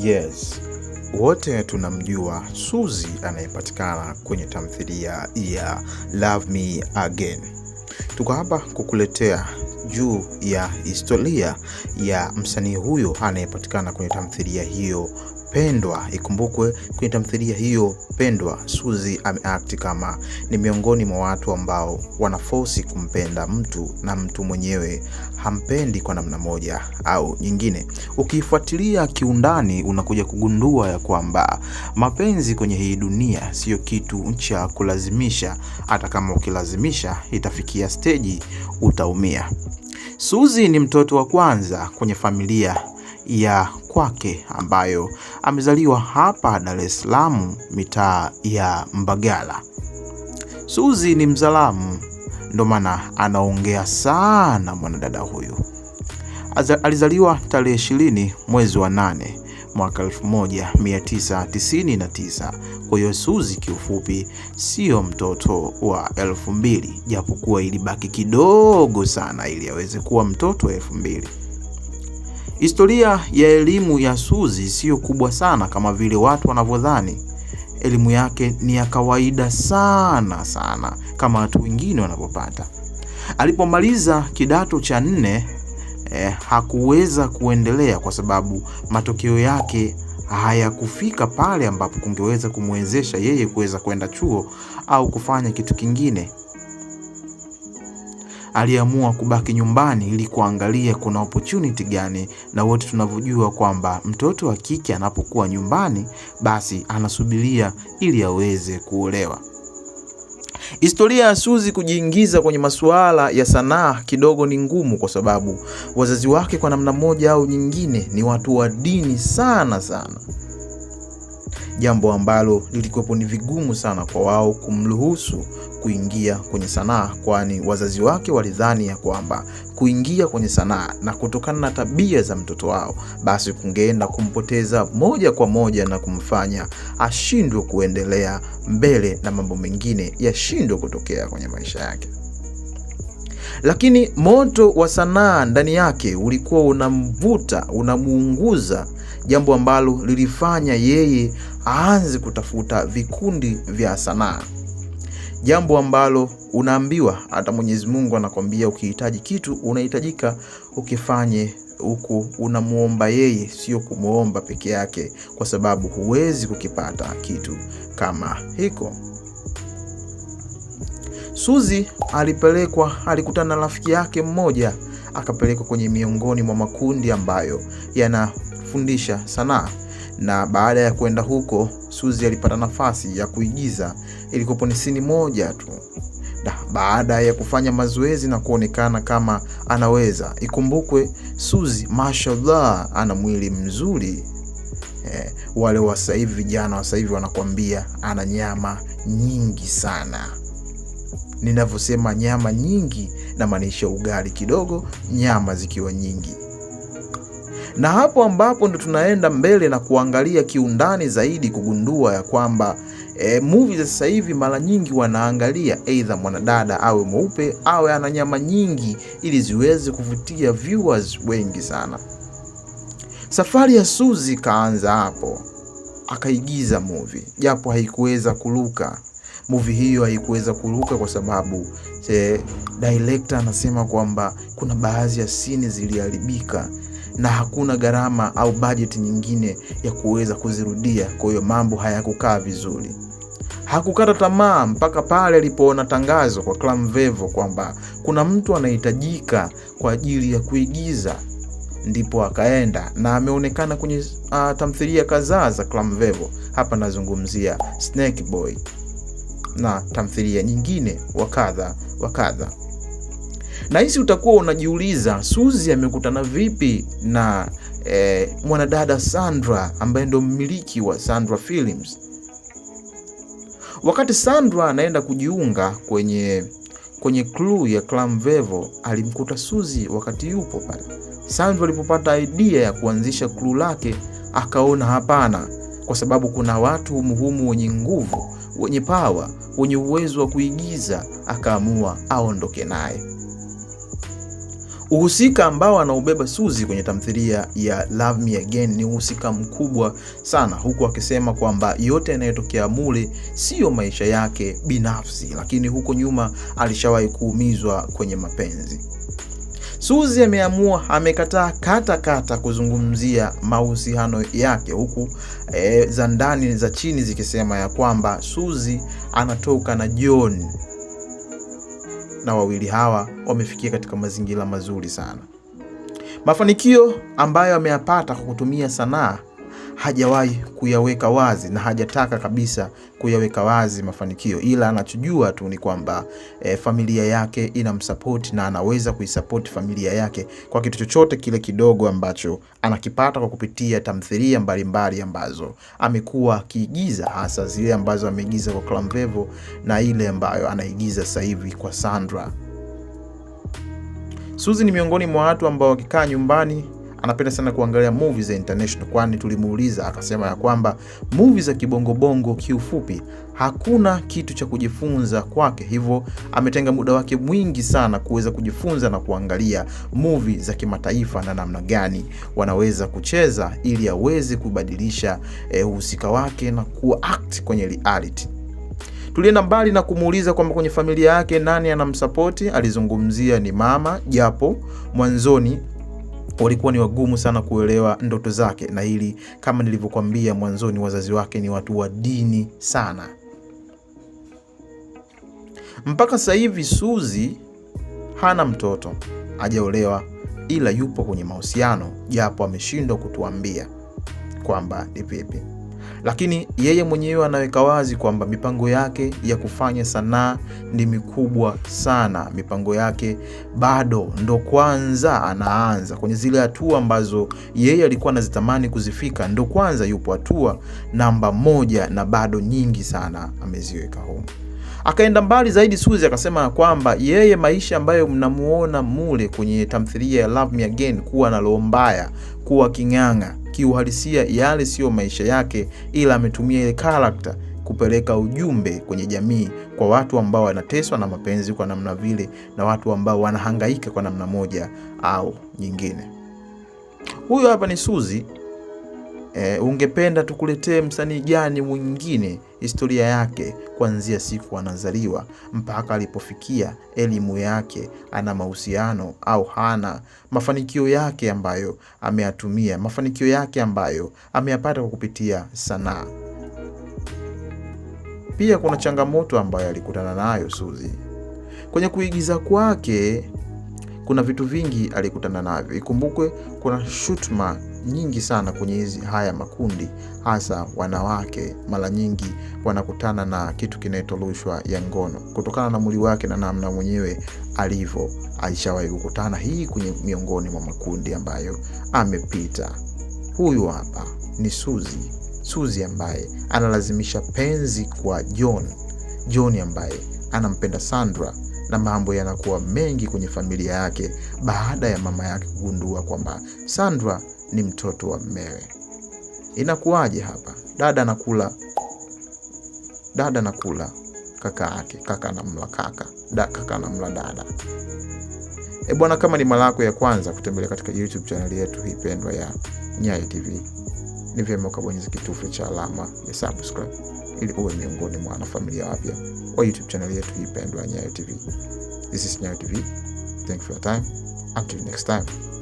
Yes, wote tunamjua suzi anayepatikana kwenye tamthilia ya Love Me Again. Tuko hapa kukuletea juu ya historia ya msanii huyo anayepatikana kwenye tamthilia hiyo pendwa. Ikumbukwe kwenye tamthilia hiyo pendwa, suzi ameakti kama ni miongoni mwa watu ambao wanafosi kumpenda mtu na mtu mwenyewe hampendi kwa namna moja au nyingine. ukifuatilia kiundani, unakuja kugundua ya kwamba mapenzi kwenye hii dunia siyo kitu cha kulazimisha. Hata kama ukilazimisha, itafikia steji utaumia. suzi ni mtoto wa kwanza kwenye familia ya kwake ambayo amezaliwa hapa Dar es Salaam mitaa ya Mbagala. Suzi ni Mzalamu, ndo maana anaongea sana mwanadada huyu. Alizaliwa tarehe ishirini mwezi wa nane mwaka 1999. Kwa hiyo Suzi kiufupi sio mtoto wa mbili, japokuwa ilibaki kidogo sana ili aweze kuwa mtoto wa mbili. Historia ya elimu ya Suzi siyo kubwa sana kama vile watu wanavyodhani. Elimu yake ni ya kawaida sana sana kama watu wengine wanavyopata. Alipomaliza kidato cha nne eh, hakuweza kuendelea kwa sababu matokeo yake hayakufika pale ambapo kungeweza kumwezesha yeye kuweza kwenda chuo au kufanya kitu kingine aliamua kubaki nyumbani ili kuangalia kuna opportunity gani, na wote tunavyojua kwamba mtoto wa kike anapokuwa nyumbani, basi anasubiria ili aweze kuolewa. Historia ya Suzi kujiingiza kwenye masuala ya sanaa kidogo ni ngumu, kwa sababu wazazi wake kwa namna moja au nyingine ni watu wa dini sana sana jambo ambalo lilikuwepo ni vigumu sana kwa wao kumruhusu kuingia kwenye sanaa, kwani wazazi wake walidhani ya kwamba kuingia kwenye sanaa na kutokana na tabia za mtoto wao, basi kungeenda kumpoteza moja kwa moja na kumfanya ashindwe kuendelea mbele na mambo mengine yashindwe kutokea kwenye maisha yake. Lakini moto wa sanaa ndani yake ulikuwa unamvuta, unamuunguza jambo ambalo lilifanya yeye aanze kutafuta vikundi vya sanaa, jambo ambalo unaambiwa hata Mwenyezi Mungu anakwambia ukihitaji kitu unahitajika ukifanye huku unamwomba yeye, sio kumwomba peke yake, kwa sababu huwezi kukipata kitu kama hiko. Suzi alipelekwa, alikutana na rafiki yake mmoja, akapelekwa kwenye miongoni mwa makundi ambayo yana kufundisha sanaa na baada ya kwenda huko Suzi alipata nafasi ya kuigiza ilikopo ni sini moja tu. Da, baada ya kufanya mazoezi na kuonekana kama anaweza. Ikumbukwe Suzi mashallah ana mwili mzuri eh. Wale wa sasa hivi vijana wa sasa hivi wanakuambia ana nyama nyingi sana. Ninavyosema nyama nyingi, namaanisha ugali kidogo, nyama zikiwa nyingi na hapo ambapo ndo tunaenda mbele na kuangalia kiundani zaidi kugundua ya kwamba e, movie za sasa hivi mara nyingi wanaangalia aidha mwanadada awe mweupe awe ana nyama nyingi ili ziweze kuvutia viewers wengi sana. Safari ya Suzi kaanza hapo, akaigiza movie japo haikuweza kuruka. Movie hiyo haikuweza kuruka kwa sababu e, director anasema kwamba kuna baadhi ya sini ziliharibika na hakuna gharama au bajeti nyingine ya kuweza kuzirudia. Kwa hiyo mambo hayakukaa vizuri. Hakukata tamaa mpaka pale alipoona tangazo kwa Clamvevo kwamba kuna mtu anahitajika kwa ajili ya kuigiza, ndipo akaenda na ameonekana kwenye uh, tamthilia kadhaa za Clamvevo. Hapa nazungumzia Snake Boy na tamthilia nyingine wa kadha wa kadha na hisi utakuwa unajiuliza suzi amekutana vipi na eh, mwanadada Sandra ambaye ndo mmiliki wa Sandra Films. Wakati Sandra anaenda kujiunga kwenye kwenye crew ya Clam Vevo alimkuta suzi wakati yupo pale. Sandra alipopata idea ya kuanzisha crew lake akaona hapana, kwa sababu kuna watu humuhumu wenye nguvu, wenye pawa, wenye uwezo wa kuigiza, akaamua aondoke naye. Uhusika ambao anaubeba suzi kwenye tamthilia ya Love Me Again ni uhusika mkubwa sana, huku akisema kwamba yote yanayotokea mule siyo maisha yake binafsi, lakini huko nyuma alishawahi kuumizwa kwenye mapenzi. suzi ameamua amekataa kata kata kuzungumzia mahusiano yake, huku e, za ndani za chini zikisema ya kwamba suzi anatoka na John na wawili hawa wamefikia katika mazingira mazuri sana. Mafanikio ambayo ameyapata kwa kutumia sanaa hajawahi kuyaweka wazi na hajataka kabisa kuyaweka wazi mafanikio, ila anachojua tu ni kwamba e, familia yake inamsapoti na anaweza kuisapoti familia yake kwa kitu chochote kile kidogo ambacho anakipata kwa kupitia tamthilia mbalimbali ambazo amekuwa akiigiza, hasa zile ambazo ameigiza kwa Clamvevo na ile ambayo anaigiza sasa hivi kwa Sandra. Suzi ni miongoni mwa watu ambao wakikaa nyumbani anapenda sana kuangalia movie za international, kwani tulimuuliza akasema ya kwamba movie za kibongobongo kiufupi hakuna kitu cha kujifunza kwake, hivyo ametenga muda wake mwingi sana kuweza kujifunza na kuangalia movie za kimataifa na namna gani wanaweza kucheza ili aweze kubadilisha eh, uhusika eh, wake na kuact kwenye reality. Tulienda mbali na kumuuliza kwamba kwenye familia yake nani anamsapoti. Alizungumzia ni mama, japo mwanzoni walikuwa ni wagumu sana kuelewa ndoto zake, na hili kama nilivyokuambia mwanzoni, wazazi wake ni watu wa dini sana. Mpaka sasa hivi Suzi hana mtoto, hajaolewa, ila yupo kwenye mahusiano, japo ameshindwa kutuambia kwamba ni vipi lakini yeye mwenyewe anaweka wazi kwamba mipango yake ya kufanya sanaa ni mikubwa sana. Mipango yake bado ndo kwanza anaanza kwenye zile hatua ambazo yeye alikuwa anazitamani kuzifika, ndo kwanza yupo hatua namba moja, na bado nyingi sana ameziweka humu. Akaenda mbali zaidi Suzi akasema kwamba yeye maisha ambayo mnamuona mule kwenye tamthilia ya Love Me Again kuwa na roho mbaya, kuwa king'ang'a kiuhalisia yale siyo maisha yake, ila ametumia ile karakta kupeleka ujumbe kwenye jamii kwa watu ambao wanateswa na mapenzi kwa namna vile, na watu ambao wanahangaika kwa namna moja au nyingine. Huyo hapa ni Suzi E, ungependa tukuletee msanii gani mwingine historia yake kuanzia siku anazaliwa mpaka alipofikia, elimu yake, ana mahusiano au hana, mafanikio yake ambayo ameyatumia, mafanikio yake ambayo ameyapata kwa kupitia sanaa. Pia kuna changamoto ambayo alikutana nayo Suzi kwenye kuigiza kwake. Kuna vitu vingi alikutana navyo. Ikumbukwe kuna shutuma nyingi sana kwenye hizi haya makundi, hasa wanawake mara nyingi wanakutana na kitu kinaitwa rushwa ya ngono kutokana na mwili wake na namna mwenyewe alivyo. Alishawahi kukutana hii kwenye miongoni mwa makundi ambayo amepita. Huyu hapa ni Suzi, Suzi ambaye analazimisha penzi kwa John, John ambaye anampenda Sandra na mambo yanakuwa mengi kwenye familia yake baada ya mama yake kugundua kwamba Sandra ni mtoto wa mmewe. Inakuwaje hapa? Dada anakula, dada anakula kaka yake, kaka anamla kaka da, kaka anamla dada. E bwana, kama ni mara yako ya kwanza kutembelea katika YouTube chaneli yetu hii pendwa ya Nyayo TV, ni vyema ukabonyeza kitufe cha alama ya subscribe ili uwe miongoni mwa wanafamilia wapya wa YouTube channel yetu hii pendwa ya Nyayo TV. This is Nyayo TV. Thank you for your time. Until next time.